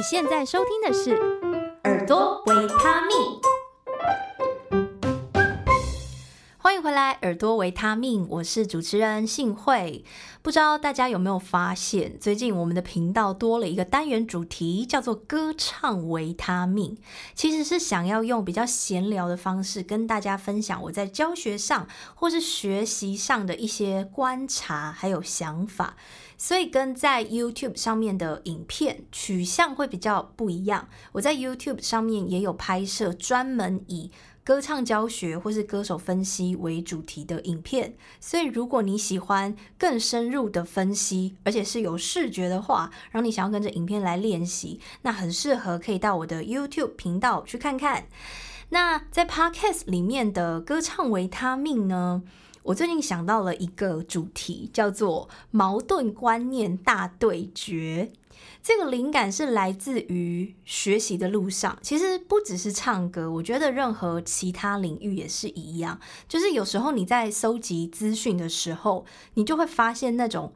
你現在收聽的是《耳朵維他命》。回來耳朵維他命，我是主持人信慧。不知道大家有沒有發現，最近我們的頻道多了一個單元主題，叫做“歌唱維他命”。其實是想要用比較閒聊的方式跟大家分享我在教學上或是學習上的一些觀察還有想法，所以跟在 YouTube 上面的影片取向會比較不一樣。我在 YouTube 上面也有拍攝，專門以歌唱教學或是歌手分析為主題的影片，所以如果你喜歡更深入的分析，而且是有視覺的話，然後你想要跟着影片來練習，那很適合可以到我的 YouTube 頻道去看看。那在 Podcast 裡面的歌唱維他命呢，我最近想到了一個主題，叫做矛盾觀念大對決。這個靈感是來自於學習的路上，其實不只是唱歌，我覺得任何其他領域也是一樣。就是有時候你在搜集資訊的時候，你就會發現那種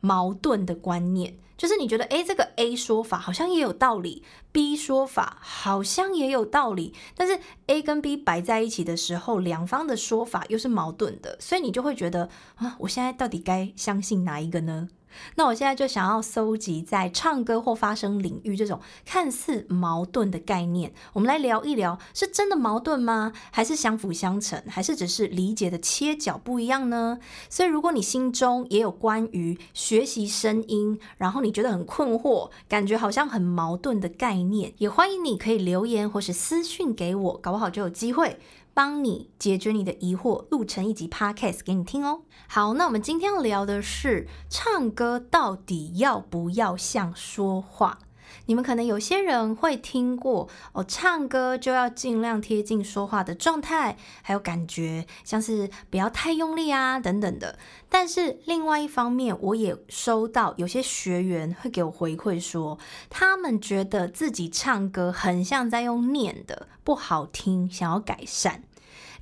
矛盾的觀念，就是你覺得，哎，這個 A 說法好像也有道理，B 說法好像也有道理，但是 A 跟 B 擺在一起的時候，兩方的說法又是矛盾的，所以你就會覺得，啊，我現在到底該相信哪一個呢？那我現在就想要蒐集在唱歌或發聲領域這種看似矛盾的概念，我們來聊一聊，是真的矛盾嗎？還是相輔相成？還是只是理解的切角不一樣呢？所以，如果你心中也有關於學習聲音，然後你覺得很困惑，感覺好像很矛盾的概念，也歡迎你可以留言或是私訊給我，搞不好就有機會。幫你解決你的疑惑，錄成一集 podcast 給你聽哦。好，那我們今天要聊的是唱歌到底要不要像說話？你們可能有些人會聽過哦，唱歌就要盡量貼近說話的狀態，還有感覺，像是不要太用力啊等等的。但是另外一方面，我也收到有些學員會給我回饋說，他們覺得自己唱歌很像在用念的，不好聽，想要改善。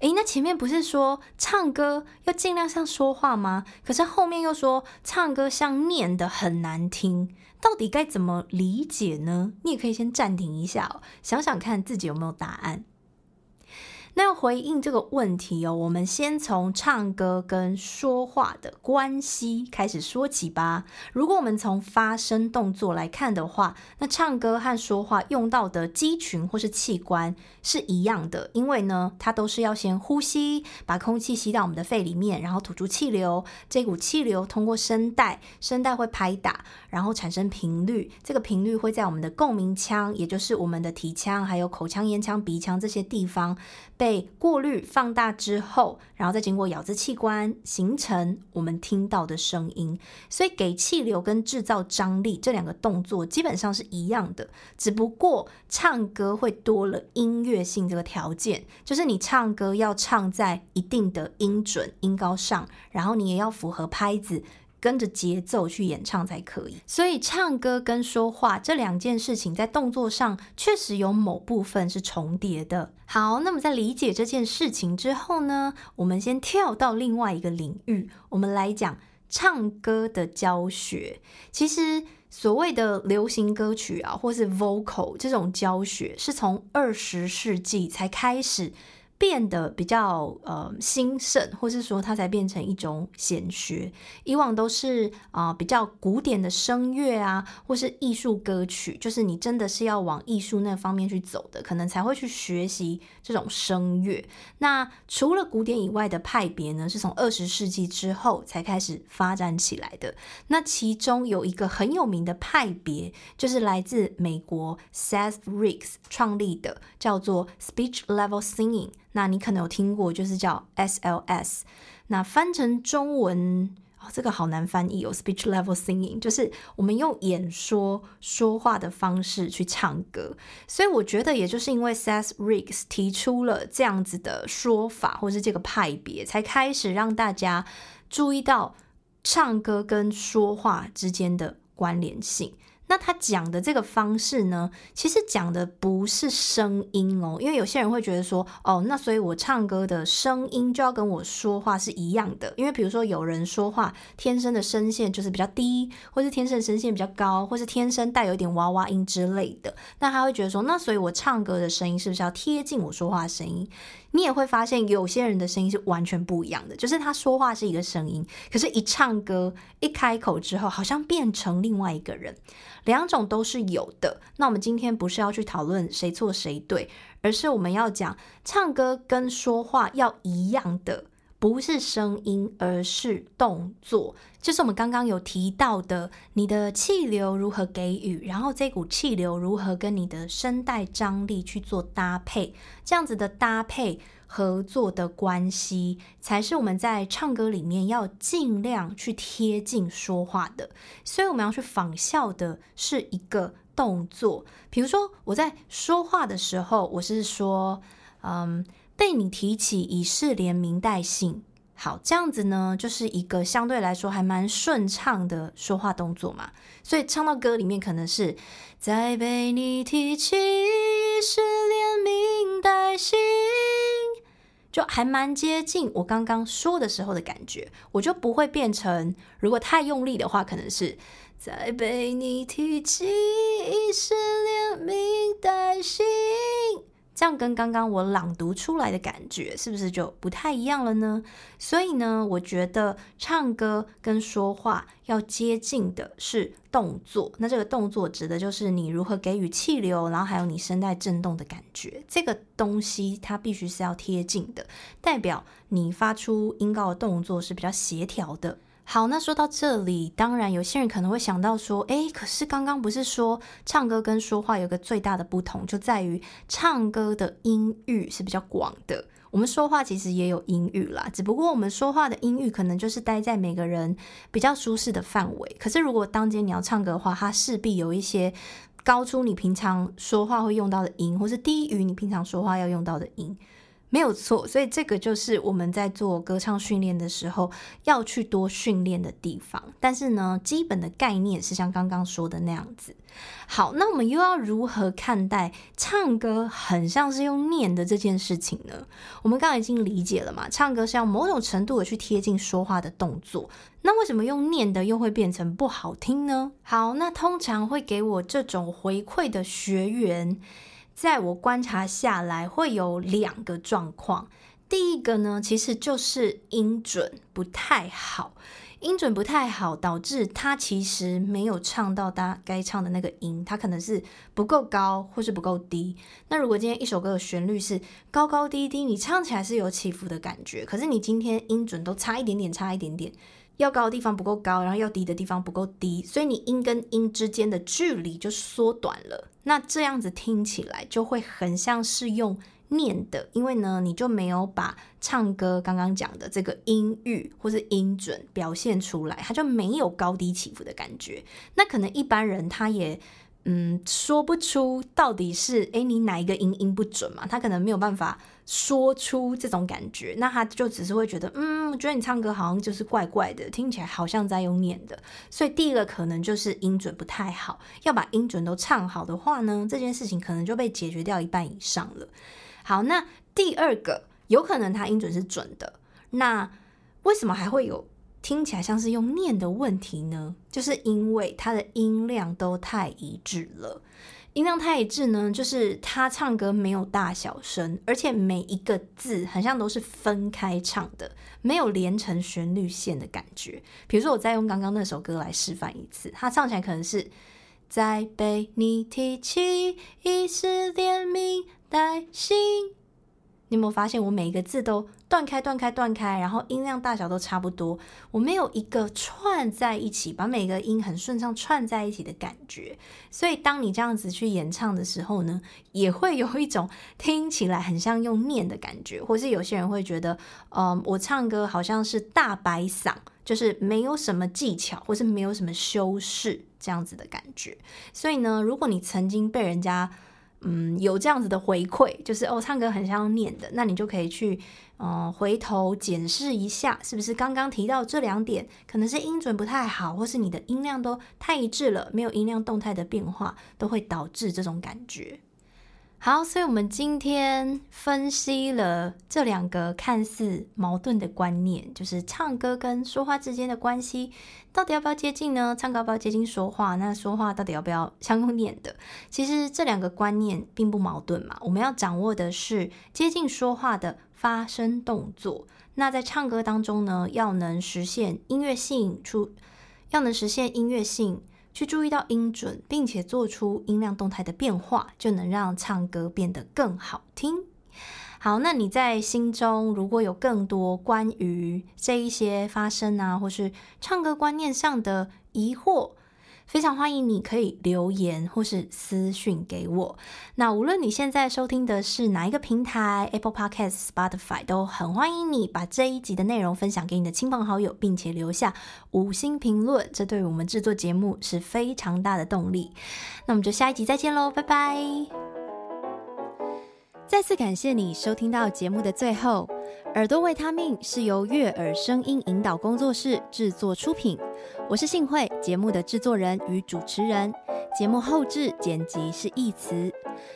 哎，那前面不是說唱歌要盡量像說話嗎？可是後面又說唱歌像念的很難聽，到底該怎麼理解呢？你也可以先暫停一下哦，想想看自己有沒有答案。那要回應這個問題哦，我們先從唱歌跟說話的關係開始說起吧。如果我們從發聲動作來看的話，那唱歌和說話用到的肌群或是器官是一樣的，因為呢，它都是要先呼吸，把空氣吸到我們的肺裡面，然後吐出氣流。這股氣流通過聲帶，聲帶會拍打，然後產生頻率。這個頻率會在我們的共鳴腔，也就是我們的體腔，還有口腔、咽腔、鼻腔這些地方，被過濾放大之後，然後再經過咬字器官形成我們聽到的聲音。所以，給氣流跟製造張力這兩個動作基本上是一樣的，只不過唱歌會多了音樂性這個條件，就是你唱歌要唱在一定的音準、音高上，然後你也要符合拍子。跟着節奏去演唱才可以，所以唱歌跟說話這兩件事情在動作上確實有某部分是重疊的。好，那麼在理解這件事情之後呢，我們先跳到另外一個領域，我們來講唱歌的教學。其實所謂的流行歌曲啊，或是 vocal 這種教學，是從二十世紀才開始。變得比較呃興盛，或是說它才變成一種顯學。以往都是啊、呃、比較古典的聲樂啊，或是藝術歌曲，就是你真的是要往藝術那方面去走的，可能才會去學習這種聲樂。那除了古典以外的派別呢，是從二十世紀之後才開始發展起來的。那其中有一個很有名的派別，就是來自美國 Seth Riggs 創立的，叫做 Speech Level Singing。那你可能有聽過，就是叫 SLS，那翻成中文哦，這個好難翻譯哦。Speech Level Singing，就是我們用演說說話的方式去唱歌，所以我覺得也就是因為 Seth Riggs 提出了這樣子的說法，或者是這個派別，才開始讓大家注意到唱歌跟說話之間的關聯性。那他講的這個方式呢，其實講的不是聲音哦，因為有些人會覺得說，哦，那所以我唱歌的聲音就要跟我說話是一樣的。因為比如說有人說話天生的聲線就是比較低，或是天生的聲線比較高，或是天生帶有一點娃娃音之類的，那他會覺得說，那所以我唱歌的聲音是不是要貼近我說話的聲音？你也會發現有些人的聲音是完全不一樣的，就是他說話是一個聲音，可是一唱歌一開口之後，好像變成另外一個人。兩種都是有的。那我們今天不是要去討論誰錯誰對，而是我們要講唱歌跟說話要一樣的，不是聲音，而是動作。就是我們剛剛有提到的，你的氣流如何給予，然後這股氣流如何跟你的聲帶張力去做搭配，這樣子的搭配。合作的關係才是我們在唱歌裡面要盡量去貼近說話的，所以我們要去仿效的是一個動作。比如說，我在說話的時候，我是說：“嗯，被你提起已是連名帶姓。”好，這樣子呢，就是一個相對來說還蠻順暢的說話動作嘛。所以唱到歌裡面，可能是“在被你提起已是連名帶姓”。就還蠻接近我剛剛說的時候的感覺，我就不會變成如果太用力的話，可能是在被你提起，已是連名帶姓。這樣跟剛剛我朗讀出來的感覺是不是就不太一樣了呢？所以呢，我覺得唱歌跟說話要接近的是動作。那這個動作指的就是你如何給予氣流，然後還有你聲帶震動的感覺。這個東西它必須是要貼近的，代表你發出音高的動作是比較協調的。好，那說到這裡，當然有些人可能會想到說，哎，可是剛剛不是說唱歌跟說話有個最大的不同，就在於唱歌的音域是比較廣的。我們說話其實也有音域啦，只不過我們說話的音域可能就是待在每個人比較舒適的範圍。可是如果當間你要唱歌的話，它勢必有一些高出你平常說話會用到的音，或是低於你平常說話要用到的音。沒有錯，所以這個就是我們在做歌唱訓練的時候要去多訓練的地方。但是呢，基本的概念是像剛剛說的那樣子。好，那我們又要如何看待唱歌很像是用念的這件事情呢？我們剛剛已經理解了嘛，唱歌是要某種程度的去貼近說話的動作。那為什麼用念的又會變成不好聽呢？好，那通常會給我這種回饋的學員，在我觀察下來，會有兩個狀況。第一個呢，其實就是音準不太好，音準不太好導致他其實沒有唱到他該唱的那個音，他可能是不夠高或是不夠低。那如果今天一首歌的旋律是高高低低，你唱起來是有起伏的感覺，可是你今天音準都差一點點，差一點點。要高的地方不夠高，然後要低的地方不夠低，所以你音跟音之間的距離就縮短了。那這樣子聽起來就會很像是用念的，因為呢，你就沒有把唱歌剛剛講的這個音域或是音準表現出來，它就沒有高低起伏的感覺。那可能一般人他也。嗯，說不出到底是，誒，你哪一個音音不準嘛？他可能沒有辦法說出這種感覺，那他就只是會覺得，嗯，我覺得你唱歌好像就是怪怪的，聽起來好像在用念的。所以第一個可能就是音準不太好。要把音準都唱好的話呢，這件事情可能就被解決掉一半以上了。好，那第二個，有可能他音準是準的，那為什麼還會有？聽起來像是用念的問題呢？就是因為它的音量都太一致了。音量太一致呢，就是他唱歌沒有大小聲，而且每一個字好像都是分開唱的，沒有連成旋律線的感覺。比如說，我再用剛剛那首歌來示範一次，他唱起來可能是，再被你提起，已是連名帶姓。你有沒有發現，我每一個字都斷開、斷開、斷開，然後音量大小都差不多，我沒有一個串在一起，把每個音很順暢串在一起的感覺。所以，當你這樣子去演唱的時候呢，也會有一種聽起來很像用念的感覺，或是有些人會覺得，嗯、呃，我唱歌好像是大白嗓，就是沒有什麼技巧，或是沒有什麼修飾這樣子的感覺。所以呢，如果你曾經被人家嗯，有這樣子的回饋，就是哦，唱歌很像念的，那你就可以去，嗯、呃，回頭檢視一下，是不是剛剛提到這兩點，可能是音準不太好，或是你的音量都太一致了，沒有音量動態的變化，都會導致這種感覺。好，所以我們今天分析了這兩個看似矛盾的觀念，就是唱歌跟說話之間的關係，到底要不要接近呢？唱歌要不要接近說話？那說話到底要不要像用念的？其實這兩個觀念並不矛盾嘛。我們要掌握的是接近說話的發聲動作。那在唱歌當中呢，要能實現音樂性出，要能實現音樂性。去注意到音準，並且做出音量動態的變化，就能讓唱歌變得更好聽。好，那你在心中如果有更多關於這一些發聲啊，或是唱歌觀念上的疑惑，非常歡迎你可以留言或是私訊給我。那無論你現在收聽的是哪一個平台，Apple Podcast、Spotify，都很歡迎你把這一集的內容分享給你的親朋好友，並且留下五星評論。這對我們制作節目是非常大的動力。那我們就下一集再見嘍，拜拜！再次感謝你收聽到節目的最後。耳朵維他命是由樂耳聲音引導工作室製作出品。我是信慧節目的製作人與主持人。節目後製剪輯是義慈。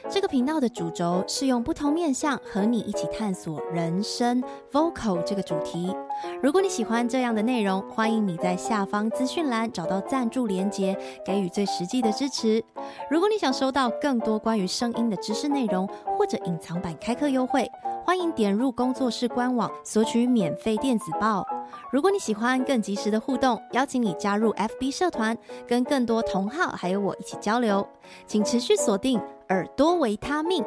這個頻道的主軸是用不同面向和你一起探索人聲 vocal 這個主題。如果你喜歡這樣的內容，歡迎你在下方資訊欄找到贊助連結，給予最實際的支持。如果你想收到更多關於聲音的知識內容，或者隱藏版開課優惠，歡迎點入工作室官網索取免費電子報。如果你喜歡更及時的互動，邀請你加入 FB 社團，跟更多同好還有我一起交流。請持續鎖定耳朵維他命。